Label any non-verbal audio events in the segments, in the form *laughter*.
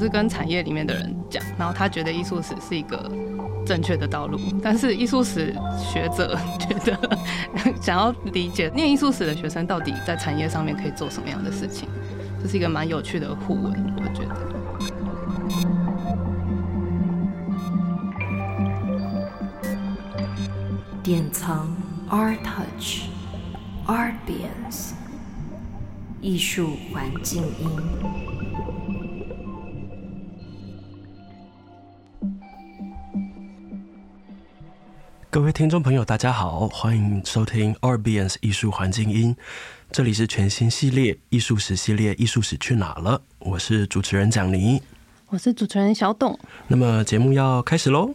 是跟產業裡面的人講，然後他覺得藝術史是一個正確的道路，但是藝術史學者覺得 *laughs* 想要理解，念藝術史的學生到底在產業上面可以做什麼樣的事情，這是一個蠻有趣的互文，我覺得。典藏 ARTouch ARTbience 藝術環境音。各位聽眾朋友，大家好，歡迎收聽 ARTbience 藝術環境音，這裡是全新系列《藝術史》系列，《藝術史》去哪了？我是主持人蔣倪，我是主持人小董，那麼節目要開始嘍。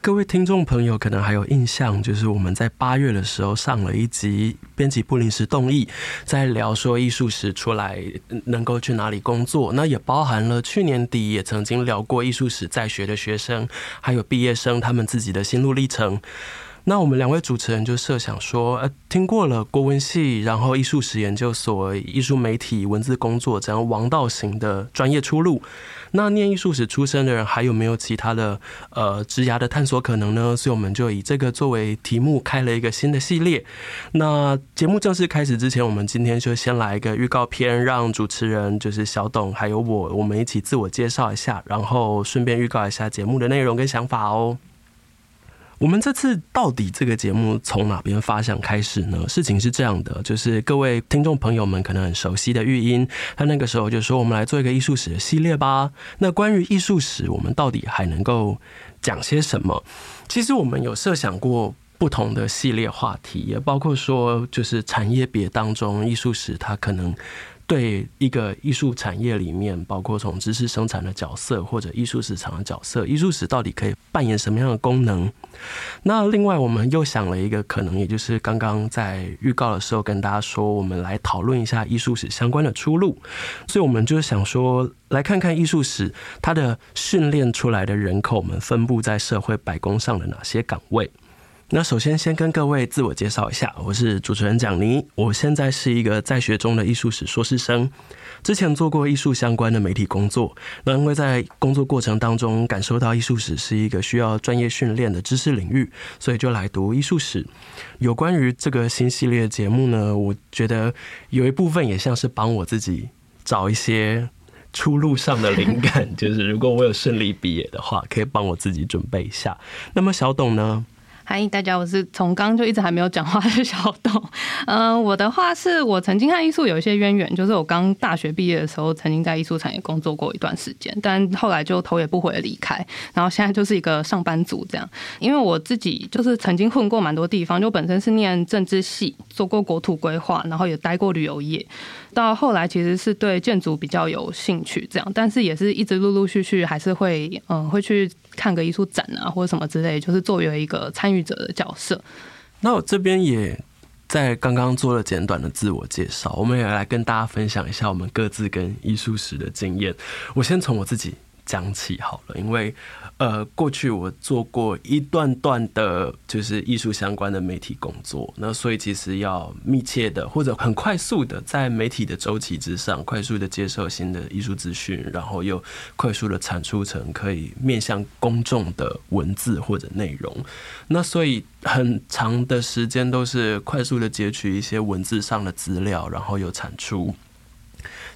各位聽眾朋友可能還有印象，就是我們在八月的時候上了一集編輯部臨時動議，在聊說藝術史出來能夠去哪裡工作，那也包含了去年底也曾經聊過藝術史在學的學生，還有畢業生他們自己的心路歷程。那我們兩位主持人就設想說，呃，聽過了國文系，然後藝術史研究所、藝術媒體、文字工作這樣王道型的專業出路，那念藝術史出身的人還有沒有其他的呃，職涯的探索可能呢？所以我們就以這個作為題目開了一個新的系列。那節目正式開始之前，我們今天就先來一個預告片，讓主持人就是小董還有我，我們一起自我介紹一下，然後順便預告一下節目的內容跟想法哦。我們這次到底這個節目從哪邊發想開始呢？事情是這樣的，就是各位聽眾朋友們可能很熟悉的玉音，他那個時候就說：“我們來做一個藝術史的系列吧。”那關於藝術史，我們到底還能夠講些什麼？其實我們有設想過不同的系列話題，也包括說就是產業別當中藝術史它可能。對一個藝術產業裡面，包括從知識生產的角色或者藝術市場的角色，藝術史到底可以扮演什麼樣的功能？那另外我們又想了一個可能，也就是剛剛在預告的時候跟大家說，我們來討論一下藝術史相關的出路。所以我們就想說，來看看藝術史它的訓練出來的人口，我們分布在社會百工上的哪些崗位。那首先先跟各位自我介紹一下，我是主持人蔣倪，我現在是一個在學中的藝術史碩士生，之前做過藝術相關的媒體工作，那因為在工作過程當中感受到藝術史是一個需要專業訓練的知識領域，所以就來讀藝術史。有關於這個新系列節目呢，我覺得有一部分也像是幫我自己找一些出路上的靈感， *laughs* 就是如果我有順利畢業的話，可以幫我自己準備一下。那麼小董呢？嗨，大家，我是從剛就一直還沒有講話的小董。呃、uh，我的話是我曾經和藝術有一些淵源，就是我剛大學畢業的時候，曾經在藝術產業工作過一段時間，但後來就頭也不回地離開，然後現在就是一個上班族這樣。因為我自己就是曾經混過蠻多地方，就本身是念政治系，做過國土規劃，然後也待過旅遊業。到後來其實是對建築比較有興趣，這樣，但是也是一直陸陸續續還是會，嗯，會去看個藝術展啊，或什麼之類，就是作為一個一個參與者的角色。那我這邊也在剛剛做了簡短的自我介紹，我們也來跟大家分享一下我們各自跟藝術史的經驗。我先從我自己講起好了，因為呃，過去我做過一段段的，就是藝術相關的媒體工作，那所以其實要密切的或者很快速的在媒體的周期之上，快速的接受新的藝術資訊，然後又快速的產出成可以面向公眾的文字或者內容，那所以很長的時間都是快速的截取一些文字上的資料，然後又產出。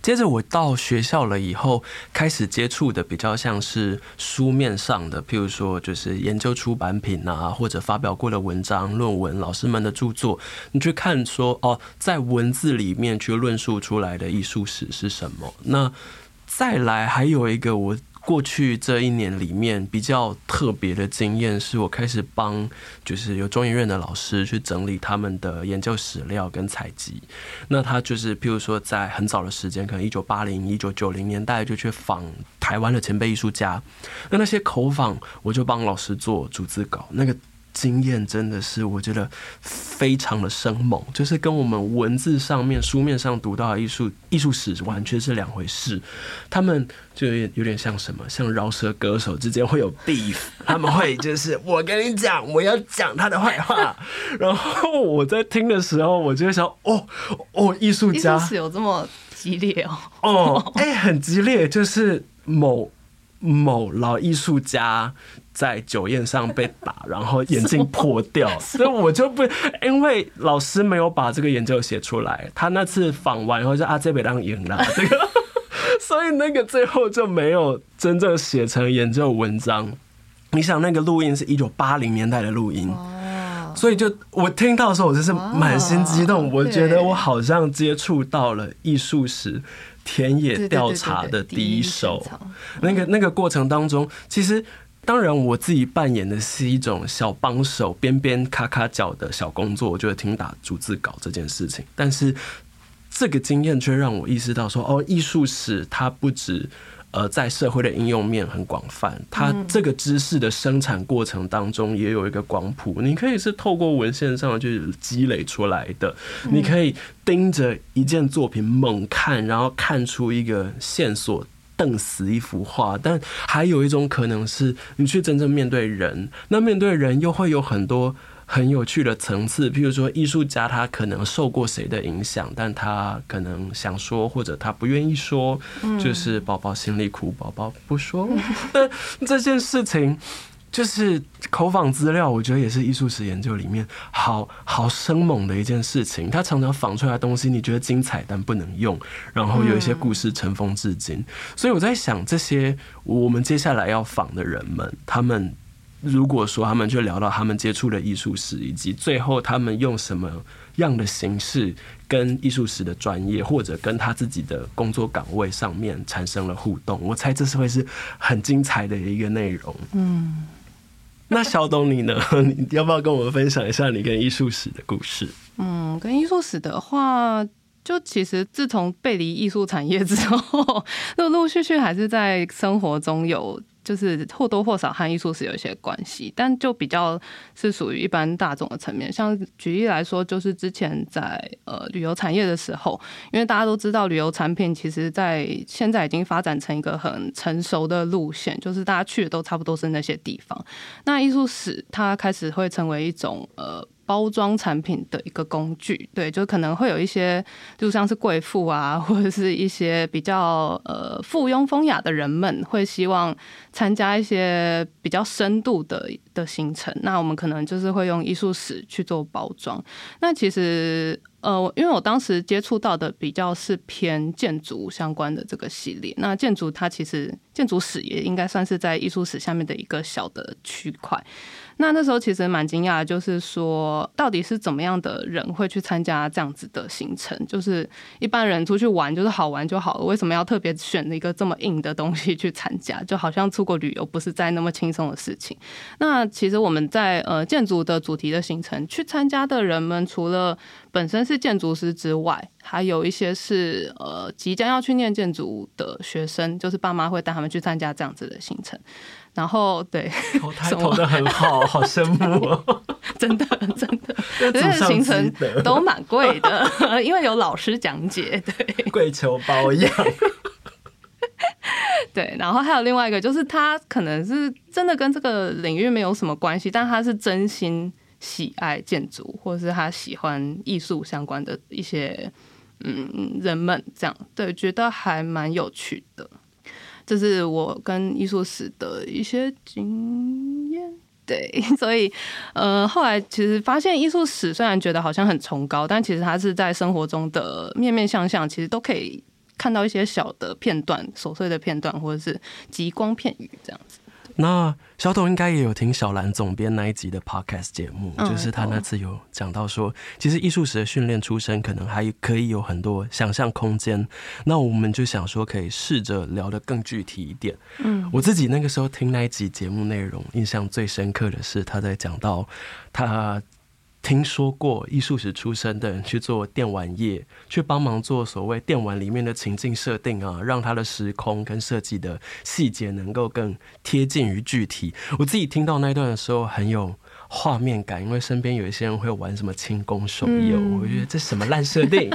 接着我到學校了以後，開始接觸的比較像是書面上的，譬如說就是研究出版品啊，或者發表過的文章、論文、老師們的著作，你去看說哦，在文字裡面去論述出來的藝術史是什麼。那再來還有一個我。過去這一年裡面比較特別的經驗，是我開始幫就是由中研院的老師去整理他們的研究史料跟採集。那他就是譬如說在很早的時間，可能一九八零、一九九零年代就去訪台灣的前輩藝術家。那那些口訪，我就幫老師做逐字稿那個。經驗真的是我覺得非常的生猛，就是跟我們文字上面書面上讀到的藝術藝術史完全是兩回事。他們就有點像什麼，像饒舌歌手之間會有 beef，他們會就是 *laughs* 我跟你講，我要講他的壞話。然後我在聽的時候，我就想，哦哦，藝術家藝術史有這麼激烈哦？ *laughs* 哦，哎、欸，很激烈，就是某。某老藝術家在酒宴上被打，然後眼鏡破掉，所以我就不，因為老師沒有把這個研究寫出來，他那次訪完以後就阿杰貝當贏了這個，所以那個最後就沒有真正寫成研究文章。你想那個錄音是一九八零年代的錄音，所以就我聽到的時候，我就是滿心激動，我覺得我好像接觸到了藝術史。田野調查的第一手，那個那個過程當中，其實當然我自己扮演的是一種小幫手，邊邊咔咔腳的小工作，就是聽打、逐字稿這件事情。但是這個經驗卻讓我意識到說，哦，藝術史它不止。呃，在社會的應用面很廣泛，它這個知識的生產過程當中也有一個光譜。你可以是透過文獻上去積累出來的，你可以盯着一件作品猛看，然後看出一個線索，瞪死一幅畫。但還有一種可能是，你去真正面對人，那面對人又會有很多。很有趣的層次，譬如說，藝術家他可能受過誰的影響，但他可能想說或者他不願意說，嗯、就是寶寶心裡苦，寶寶不說。 *laughs* 但這件事情就是口訪資料，我覺得也是藝術史研究裡面好好生猛的一件事情。他常常訪出來的東西，你覺得精彩但不能用，然後有一些故事塵封至今，嗯。所以我在想，這些我們接下來要訪的人們，他們。如果說他們就聊到他們接觸的藝術史，以及最後他們用什麼樣的形式跟藝術史的專業，或者跟他自己的工作崗位上面產生了互動，我猜這是會是很精彩的一個內容。嗯，那小董你呢？你要不要跟我們分享一下你跟藝術史的故事？嗯，跟藝術史的話，就其實自從背離藝術產業之後，陸陸續續還是在生活中有。就是或多或少和藝術史有一些關係，但就比較是屬於一般大眾的層面。像舉例來說，就是之前在呃旅遊產業的時候，因為大家都知道旅遊產品其實在現在已經發展成一個很成熟的路線，就是大家去的都差不多是那些地方。那藝術史它開始會成為一種呃。包裝產品的一個工具，對，就可能會有一些，就像是貴婦啊，或者是一些比較呃附庸風雅的人們，會希望參加一些比較深度的的行程。那我們可能就是會用藝術史去做包裝。那其實呃，因為我當時接觸到的比較是偏建築相關的這個系列。那建築它其實建築史也應該算是在藝術史下面的一個小的區塊。那那時候其實蠻驚訝，就是說到底是怎麼樣的人會去參加這樣子的行程？就是一般人出去玩，就是好玩就好了，為什麼要特別選一個這麼硬的東西去參加？就好像出國旅遊不是再那麼輕鬆的事情。那其實我們在呃建築的主題的行程，去參加的人們除了本身是建築師之外，還有一些是呃即將要去念建築的學生，就是爸媽會帶他們去參加這樣子的行程。然後對，我投的很好，好羨慕哦，真的真的，只 *laughs* 的行程都蠻貴的。 *laughs* 因為有老師講解，對，跪求包養。對，然後還有另外一個，就是他可能是真的跟這個領域沒有什麼關係，但他是真心喜愛建築，或者是他喜歡藝術相關的一些嗯人們這樣，對，覺得還蠻有趣的。這是我跟藝術史的一些經驗，對，所以，呃，後來其實發現藝術史雖然覺得好像很崇高，但其實它是在生活中的面面相向，其實都可以看到一些小的片段、瑣碎的片段，或者是吉光片羽這樣子。那小董應該也有聽小藍總編那一集的 podcast 節目，嗯，就是他那次有講到說，其實藝術史的訓練出身可能還可以有很多想象空間。那我們就想說，可以試着聊得更具體一點。嗯，我自己那個時候聽那一集節目內容，印象最深刻的是他在講到他。聽說過藝術史出身的人去做電玩業，去幫忙做所謂電玩裡面的情境設定啊，讓他的時空跟設計的細節能夠更貼近於具體。我自己聽到那一段的時候很有畫面感，因為身邊有一些人會玩什麼輕功手遊、哦嗯，我覺得這什麼爛設定，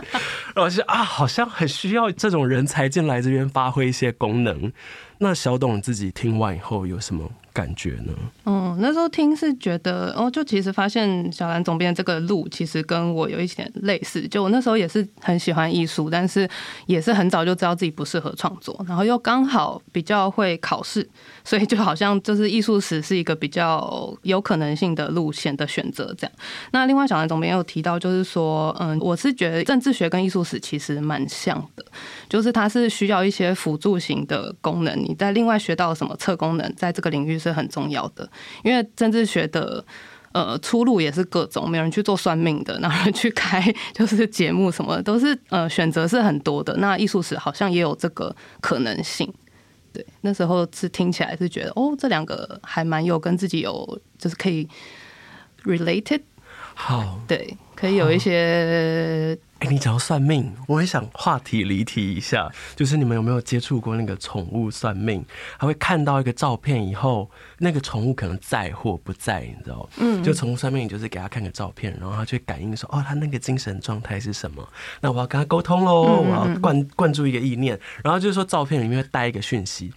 然後是啊，好像很需要這種人才進來這邊發揮一些功能。那小董自己聽完以後有什麼感覺呢？嗯，那時候聽是覺得哦，就其實發現小藍總編這個路其實跟我有一點類似，就我那時候也是很喜歡藝術，但是也是很早就知道自己不適合創作，然後又剛好比較會考試，所以就好像就是藝術史是一個比較有可能性的路線的選擇這樣。那另外小藍總編有提到，就是說嗯，我是覺得政治學跟藝術史其實蠻像。就是它是需要一些輔助型的功能，你在另外學到什麼測功能，在這個領域是很重要的。因為政治學的呃出路也是各種，沒有人去做算命的，哪人去開就是節目什麼的，都是呃選擇是很多的。那藝術史好像也有這個可能性，對，那時候是聽起來是覺得哦，這兩個還蠻有跟自己有就是可以 related。好，對，可以有一些。哎，欸、你只要算命，我也想話題離題一下，就是你們有沒有接觸過那個寵物算命？他會看到一個照片以後，那個寵物可能在或不在，你知道嗎？嗯，就寵物算命，就是給他看個照片，然後他去感應說，哦，他那個精神狀態是什麼？那我要跟他溝通嘍，我要灌灌注一個意念，然後就是說照片裡面會帶一個訊息。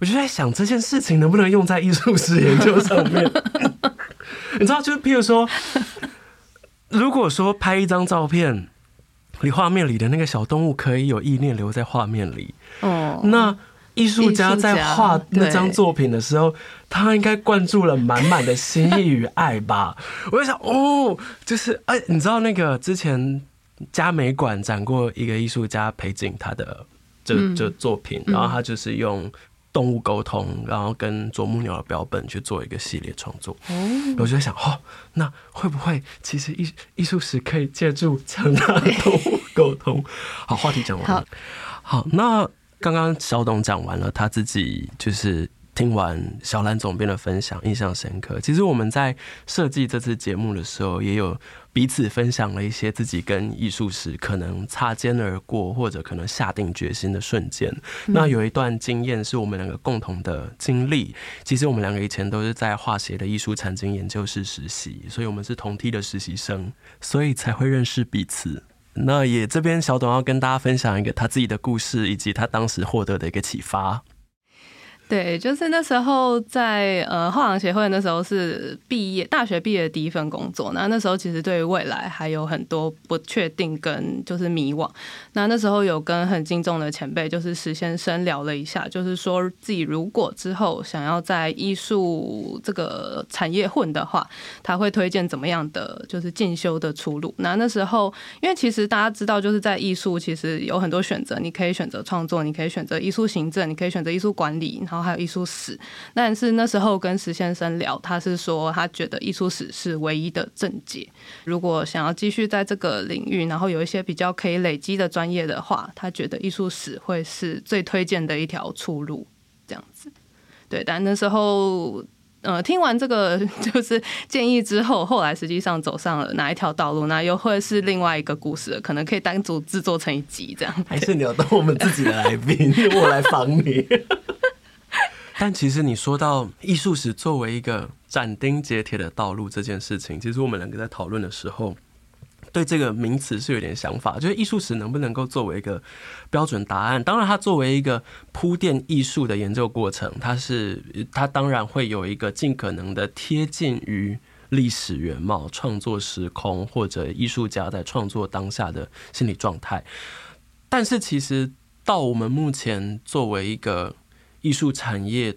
我就在想這件事情能不能用在藝術史研究上面。 *laughs* 你知道，就是譬如說，如果說拍一張照片，你畫面裡的那個小動物可以有意念留在畫面裡，哦、嗯，那藝術家在畫那張作品的時候，他應該灌注了滿滿的心意與愛吧？ *laughs* 我就想，哦，就是哎、欸，你知道那個之前嘉美館展過一個藝術家裴景他的這、嗯、這作品，然後他就是用。動物溝通，然後跟啄木鳥的標本去做一個系列創作。嗯，我就在想，哦，那會不會其實藝藝術史可以借助強大動物溝通？ *laughs* 好，話題講完了。好，好，那剛剛小董講完了，他自己就是。聽完小藍總編的分享，印象深刻。其實我們在設計這次節目的時候，也有彼此分享了一些自己跟藝術史可能擦肩而過，或者可能下定決心的瞬間。嗯。那有一段經驗是我們兩個共同的經歷。其實我們兩個以前都是在畫協的藝術產經研究室實習，所以我們是同梯的實習生，所以才會認識彼此。那也這邊小董要跟大家分享一個他自己的故事，以及他當時獲得的一個啟發。對，就是那時候在呃，畫廊協會，那時候是畢業，大學畢業的第一份工作。那那時候其實對於未來還有很多不確定跟就是迷惘。那那時候有跟很敬重的前輩，就是石先生聊了一下，就是說自己如果之後想要在藝術這個產業混的話，他會推薦怎麼樣的就是進修的出路。那那時候因為其實大家知道，就是在藝術其實有很多選擇，你可以選擇創作，你可以選擇藝術行政，你可以選擇藝術管理。然後還有藝術史，但是那時候跟石先生聊，他是說他覺得藝術史是唯一的正解。如果想要繼續在這個領域，然後有一些比較可以累積的專業的話，他覺得藝術史會是最推薦的一條出路。這樣子，對。但那時候，呃，聽完這個就是建議之後，後來實際上走上了哪一條道路，那又會是另外一個故事，可能可以單獨制作成一集這樣。還是你要當我們自己的來賓， *laughs* 我來訪你。 *laughs* 但其實你說到藝術史作為一個斬釘截鐵的道路這件事情，其實我們兩個在討論的時候，對這個名詞是有點想法，就是藝術史能不能夠作為一個標準答案？當然，它作為一個鋪墊藝術的研究過程，它是它當然會有一個盡可能的貼近於歷史原貌、創作時空或者藝術家在創作當下的心理狀態。但是，其實到我們目前作為一個。藝術產業，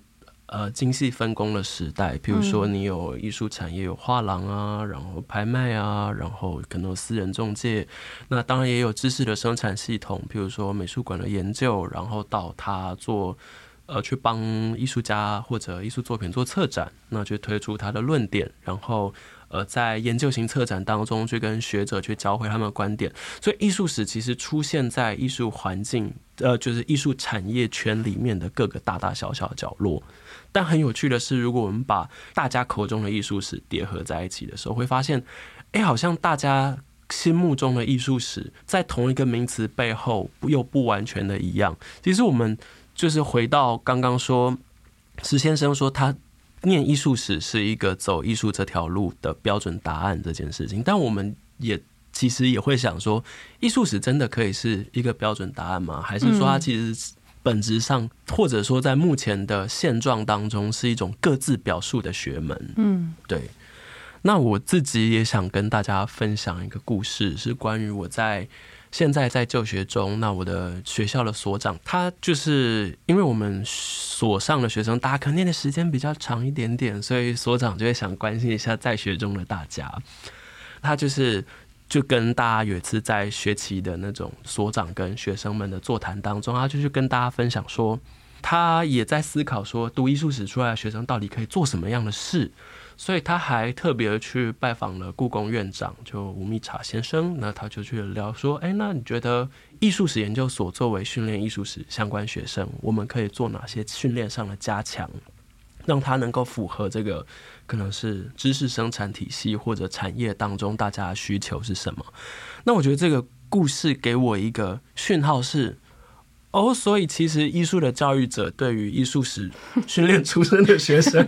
呃，精細分工的時代。比如說，你有藝術產業，有畫廊啊，然後拍賣啊，然後可能有私人中介。那當然也有知識的生產系統，比如說美術館的研究，然後到他做，呃，去幫藝術家或者藝術作品做策展，那去推出他的論點，然後。呃，在研究型策展當中，去跟學者去教會他們的觀點，所以藝術史其實出現在藝術環境，呃，就是藝術產業圈裡面的各個大大小小的角落。但很有趣的是，如果我們把大家口中的藝術史疊合在一起的時候，會發現，哎，好像大家心目中的藝術史在同一個名詞背後又不完全的一樣。其實我們就是回到剛剛說，石先生說他。念藝術史是一個走藝術這條路的標準答案這件事情，但我們也其實也會想說，藝術史真的可以是一個標準答案嗎？還是說它其實本質上、嗯，或者說在目前的現狀當中，是一種各自表述的學門？嗯，對。那我自己也想跟大家分享一個故事，是關於我在。現在在就學中，那我的學校的所長，他就是因為我們所上的學生，大家可能念的時間比較長一點點，所以所長就會想關心一下在學中的大家。他就是就跟大家有一次在學期的那種所長跟學生們的座談當中，他就去跟大家分享說。他也在思考說，讀藝術史出來的學生到底可以做什麼樣的事，所以他還特別去拜訪了故宮院長，就吳密察先生。那他就去聊說，哎、欸，那你覺得藝術史研究所作為訓練藝術史相關學生，我們可以做哪些訓練上的加強，讓他能夠符合這個可能是知識生產體系，或者產業當中大家的需求是什麼？那我覺得這個故事給我一個訊號是。哦，所以其實藝術的教育者，對於藝術史訓練出身的學生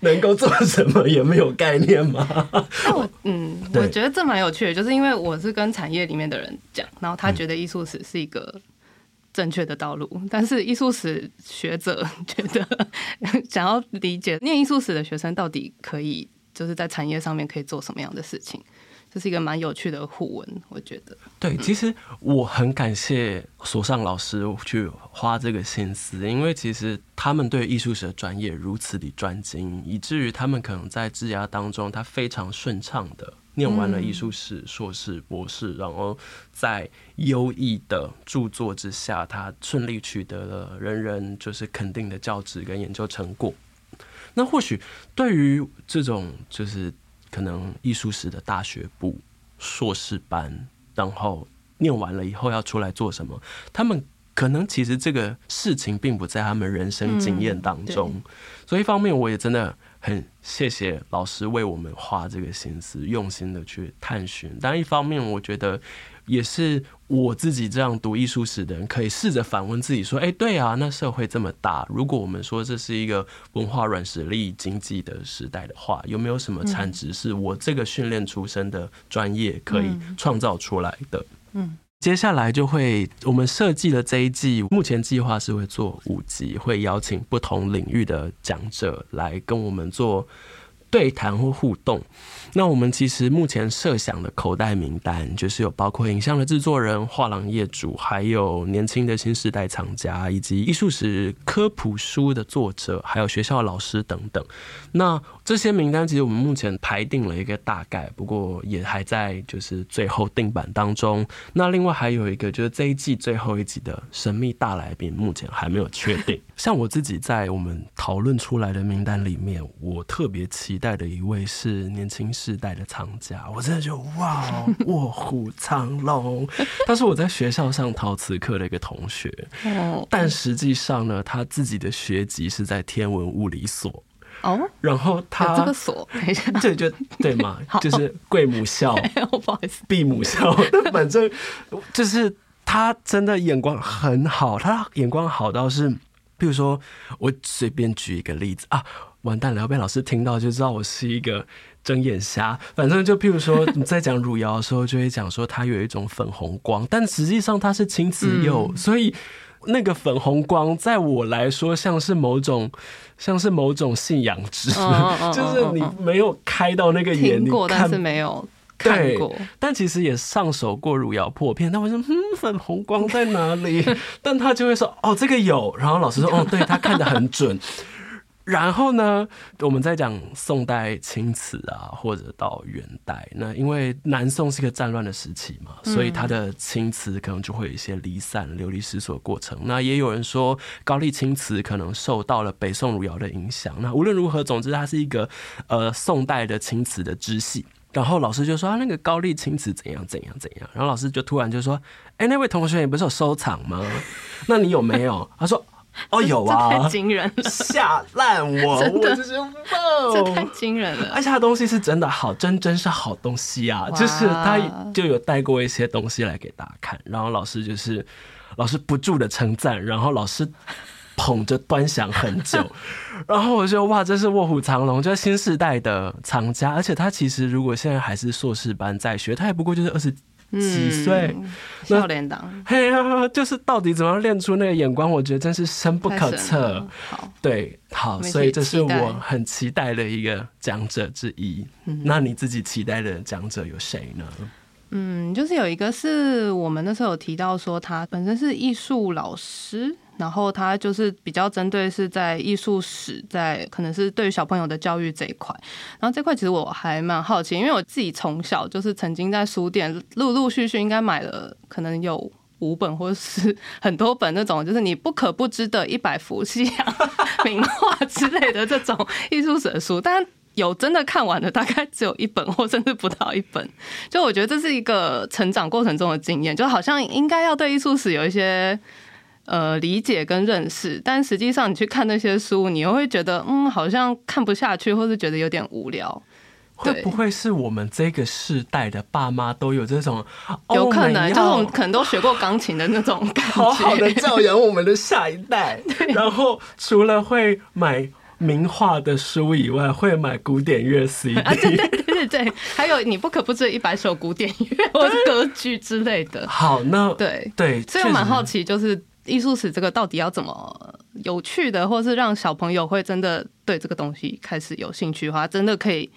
能夠做什麼也沒有概念嗎？那 *laughs* 我嗯，我覺得這蠻有趣的，就是因為我是跟產業裡面的人講，然後他覺得藝術史是一個正確的道路，嗯，但是藝術史學者覺得想要理解，念藝術史的學生到底可以就是在產業上面可以做什麼樣的事情。這是一個蠻有趣的互文，我覺得。對、嗯，其實我很感謝所上老師去花這個心思，因為其實他們對藝術史的專業如此的專精，以至於他們可能在治家當中，他非常順暢的念完了藝術史碩士、博士，嗯、然後在優異的著作之下，他順利取得了人人就是肯定的教職跟研究成果。那或許對於這種就是。可能藝術史的大學部碩士班，然後念完了以後要出來做什麼？他們可能其實這個事情並不在他們人生經驗當中，嗯、所以一方面我也真的很謝謝老師為我們花這個心思，用心的去探尋，但一方面我覺得。也是我自己這樣讀藝術史的人，可以試着反問自己說：哎、欸，對啊，那社會這麼大，如果我們說這是一個文化軟實力經濟的時代的話，有沒有什麼產值是我這個訓練出身的專業可以創造出來的嗯嗯？嗯，接下來就會我們設計了這一季，目前計劃是會做五集，會邀請不同領域的講者來跟我們做。對談或互動。那我們其實目前設想的口袋名單，就是有包括影像的制作人、畫廊業主，還有年輕的新時代藏家，以及藝術史科普書的作者，還有學校的老師等等。那這些名單其實我們目前排定了一個大概，不過也還在就是最後定版當中。那另外還有一個就是這一季最後一集的神秘大來賓，目前還沒有確定。像我自己在我們討論出來的名單裡面，我特別期待的一位是年輕世代的藏家，我真的就哇，臥虎藏龍。他是我在學校上陶瓷課的一個同學，但實際上呢，他自己的學籍是在天文物理所。然後他這個鎖，等一下，對，就，就對嘛，就是貴母校， *laughs* 不好意思，敝母校。反正就是他真的眼光很好，他眼光好到是，譬如說我隨便舉一個例子啊，完蛋了，被老師聽到就知道我是一個睜眼瞎。反正就譬如說你在講汝窯的時候，就會講說它有一種粉紅光，但實際上它是青瓷釉，所以。那個粉紅光，在我來說像是某種，像是某種信仰值，oh, oh, oh, oh, oh, oh. 就是你沒有開到那個眼裡但是沒有看過對，但其實也上手過汝窑破片，他我說，嗯，粉紅光在哪裡？ *laughs* 但他就會說，哦，這個有，然後老師說，哦，對，他看得很準。 *laughs* 然後呢，我們再講宋代青瓷啊，或者到元代。那因為南宋是一個戰亂的時期嘛，嗯、所以它的青瓷可能就會有一些離散、流離失所的過程。那也有人說，高麗青瓷可能受到了北宋汝窯的影響。那無論如何，總之它是一個呃宋代的青瓷的支系。然後老師就說、啊、那個高麗青瓷怎樣怎樣怎樣。然後老師就突然就說：“哎，那位同學，你不是有收藏嗎？那你有沒有？” *laughs* 他說。哦，有啊！太驚人了，嚇爛我！ *laughs* 真的，哇、wow！這太驚人了，而且他的東西是真的好，真真是好東西啊！Wow、就是他就有帶過一些東西來給大家看，然後老師就是老師不住的稱讚，然後老師捧着端詳很久， *laughs* 然後我就哇，這是臥虎藏龍，這是新時代的藏家，而且他其實如果現在還是碩士班在學，他也不過就是二十。幾歲？嗯、少年黨。嘿、啊，就是到底怎麼樣練出那個眼光，我覺得真是深不可測。對，好，所以這是我很期待的一個講者之一，嗯。那你自己期待的講者有誰呢？嗯，就是有一個是我們那時候有提到說，他本身是藝術老師。然後它，就是比較針對是在藝術史，在可能是對於小朋友的教育這一塊。然後這一塊其實我還蠻好奇，因為我自己從小就是曾經在書店陸陸續續應該買了可能有五本或者是很多本那種就是你不可不知的一百幅西洋名畫之類的這種藝術史的書，但有真的看完了大概只有一本或甚至不到一本。就我覺得這是一個成長過程中的經驗，就好像應該要對藝術史有一些。呃，理解跟認識，但實際上你去看那些書，你又會覺得，嗯，好像看不下去，或是覺得有點無聊。會不會是我們這個世代的爸媽都有這種？有可能、oh、就是我們可能都學過鋼琴的那種感覺，好好的教養我們的下一代。 *laughs* 然後除了會買名畫的書以外，會買古典樂 CD。對對對對對，還有你不可不知一百首古典樂或歌劇之類的。 *laughs* 好，那對對，所以我蠻好奇，就是。藝術史這個到底要怎麼有趣的，或是讓小朋友會真的對這個東西開始有興趣的話，真的可以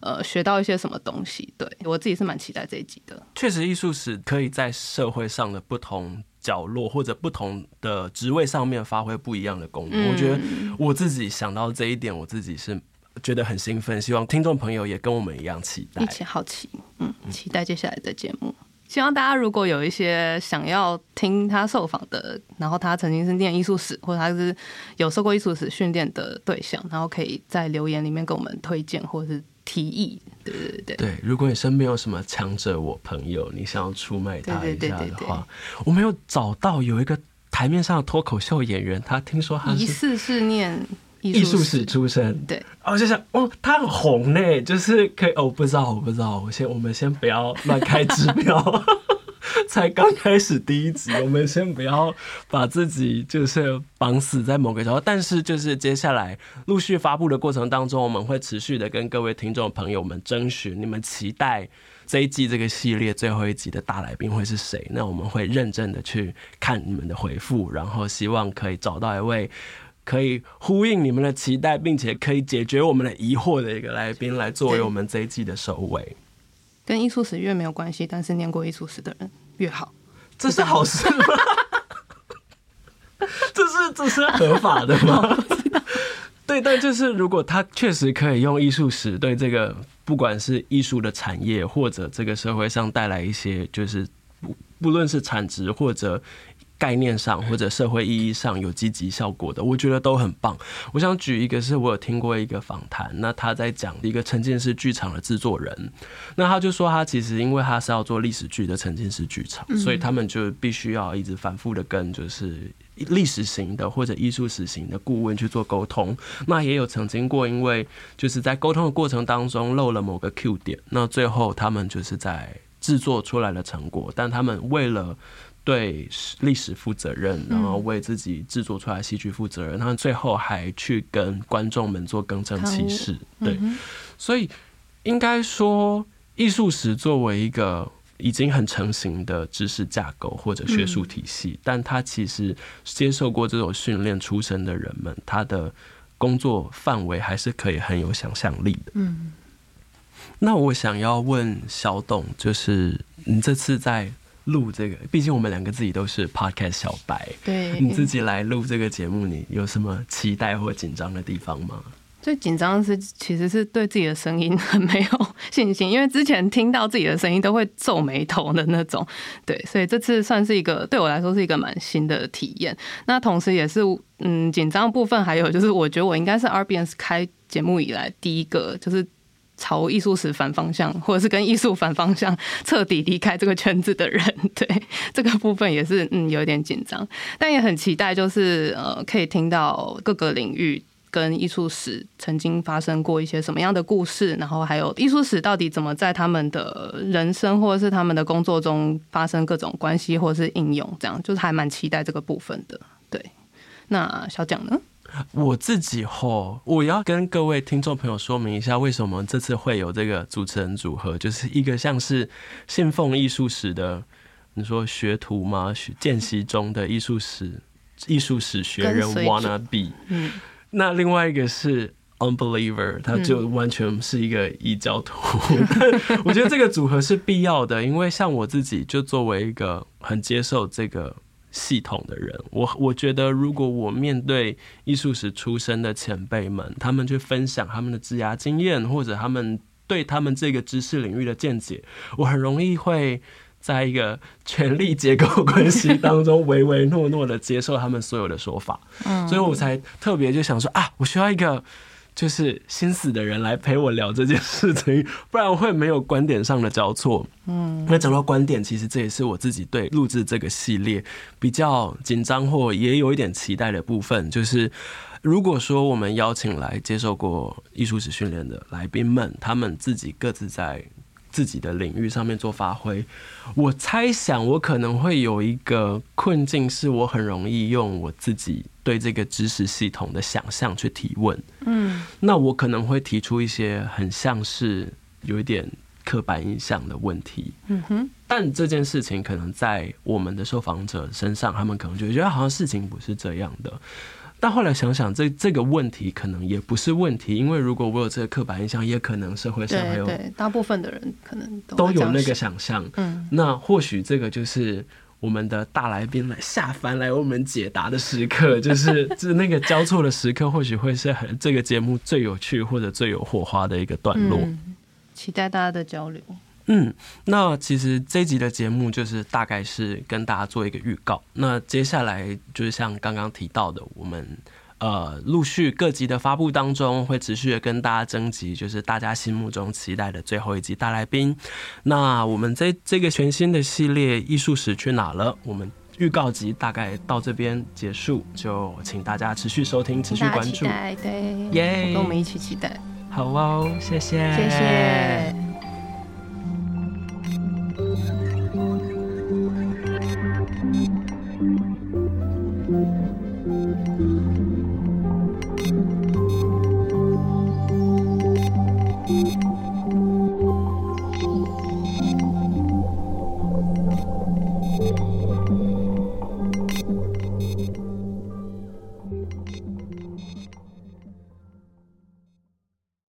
呃學到一些什麼東西？對，我自己是蠻期待這一集的。確實，藝術史可以在社會上的不同角落或者不同的職位上面發揮不一樣的功能。嗯，我覺得我自己想到這一點，我自己是覺得很興奮。希望聽眾朋友也跟我們一樣期待，一起好奇，嗯，期待接下來的節目。嗯。希望大家如果有一些想要聽他受訪的，然後他曾經是念藝術史，或者他是有受過藝術史訓練的對象，然後可以在留言裡面給我們推薦或者是提議，對對對，對，對。如果你身邊有什麼強者，我朋友你想要出賣他一下的話，對對對對對對，我沒有找到有一個台面上的脫口秀演員，他聽說他是疑似是念，藝術史出身，對，我、哦、就想，哦，他很紅呢，就是可以，哦，我不知道，我不知道，我先，我們先不要亂開支票， *laughs* *laughs* 才剛開始第一集，我們先不要把自己就是綁死在某個角，但是就是接下來陸續發佈的過程當中，我們會持續的跟各位聽眾朋友們徵詢，你們期待這一季這個系列最後一集的大來賓會是誰？那我們會認真的去看你們的回覆，然後希望可以找到一位。可以呼應你們的期待，並且可以解決我們的疑惑的一個來賓，來作為我們這一季的首位。跟藝術史越沒有關係，但是念過藝術史的人越好越，這是好事嗎？ *laughs* *laughs* 這是這是合法的嗎？ *laughs* *laughs* 對，但就是如果他確實可以用藝術史對這個不管是藝術的產業或者這個社會上帶來一些，就是不不論是產值或者。概念上或者社會意義上有積極效果的，我覺得都很棒。我想舉一個，是我有聽過一個訪談，那他在講一個沉浸式劇場的製作人，那他就說他其實因為他是要做歷史劇的沉浸式劇場，所以他們就必須要一直反覆的跟就是歷史型的或者藝術史型的顧問去做溝通。那也有曾經過因為就是在溝通的過程當中漏了某個 Q 點，那最後他們就是在製作出來的成果，但他們為了。對歷史負責任，然後為自己制作出來的戲劇負責任，他最後還去跟觀眾們做更正啟事。對、嗯，所以應該說，藝術史作為一個已經很成型的知識架構或者學術體系，嗯，但他其實接受過這種訓練出身的人們，他的工作範圍還是可以很有想象力的。嗯，那我想要問小董，就是你這次在。錄這個，畢竟我們兩個自己都是 podcast 小白，對，你自己來錄這個節目，你有什麼期待或緊張的地方嗎？最緊張的是其實是對自己的聲音很沒有信心，因為之前聽到自己的聲音都會皺眉頭的那種，對，所以這次算是一個對我來說是一個蠻新的體驗。那同時也是，嗯，緊張的部分還有就是，我覺得我應該是 ARTbience 開節目以來第一個就是。朝藝術史反方向，或者是跟藝術反方向徹底離開這個圈子的人，對，這個部分也是嗯有點緊張，但也很期待，就是呃可以聽到各個領域跟藝術史曾經發生過一些什麼樣的故事，然後還有藝術史到底怎麼在他們的人生或者是他們的工作中發生各種關係或是應用，這樣就是還蠻期待這個部分的。對，那小蔣呢？我自己吼，我要跟各位聽眾朋友說明一下，為什麼這次會有這個主持人組合，就是一個像是信奉藝術史的，你說學徒嗎？見習中的藝術史、藝術史學人 wanna be、嗯。那另外一個是 unbeliever，他就完全是一個異教徒。嗯、 *laughs* *laughs* 我覺得這個組合是必要的，因為像我自己就作為一個很接受這個。系統的人，我我覺得，如果我面對藝術史出身的前輩們，他們去分享他們的職涯經驗，或者他們對他們這個知識領域的見解，我很容易會在一個權力結構關係當中唯唯諾諾的接受他們所有的說法。 *laughs* 所以我才特別就想說啊，我需要一個。就是心死的人來陪我聊這件事情，不然會沒有觀點上的交錯。嗯，那講到觀點，其實這也是我自己對錄製這個系列比較緊張或也有一點期待的部分。就是如果說我們邀請來接受過藝術史訓練的來賓們，他們自己各自在自己的領域上面做發揮，我猜想我可能會有一個困境，是我很容易用我自己。對這個知識系統的想象去提問，嗯，那我可能會提出一些很像是有一點刻板印象的問題，嗯哼。但這件事情可能在我們的受訪者身上，他們可能就覺得好像事情不是這樣的。但後來想想這，這這個問題可能也不是問題，因為如果我有這個刻板印象，也可能社會上還有大部分的人可能都有那個想象。嗯，那或許這個就是。我們的大來賓來下凡來為我們解答的時刻，就 *laughs* 是就是那個交錯的時刻，或許會是很這個節目最有趣或者最有火花的一個段落。嗯，期待大家的交流。嗯，那其實這一集的節目就是大概是跟大家做一個預告，那接下來就是像剛剛提到的我們。呃，陸續各集的發布當中，會持續的跟大家徵集，就是大家心目中期待的最後一集大來賓。那我們這這個全新的系列《藝術史去哪了》，我們預告集大概到這邊結束，就請大家持續收聽，持續關注。對，耶、yeah，我跟我們一起期待。好哦，謝謝，謝謝。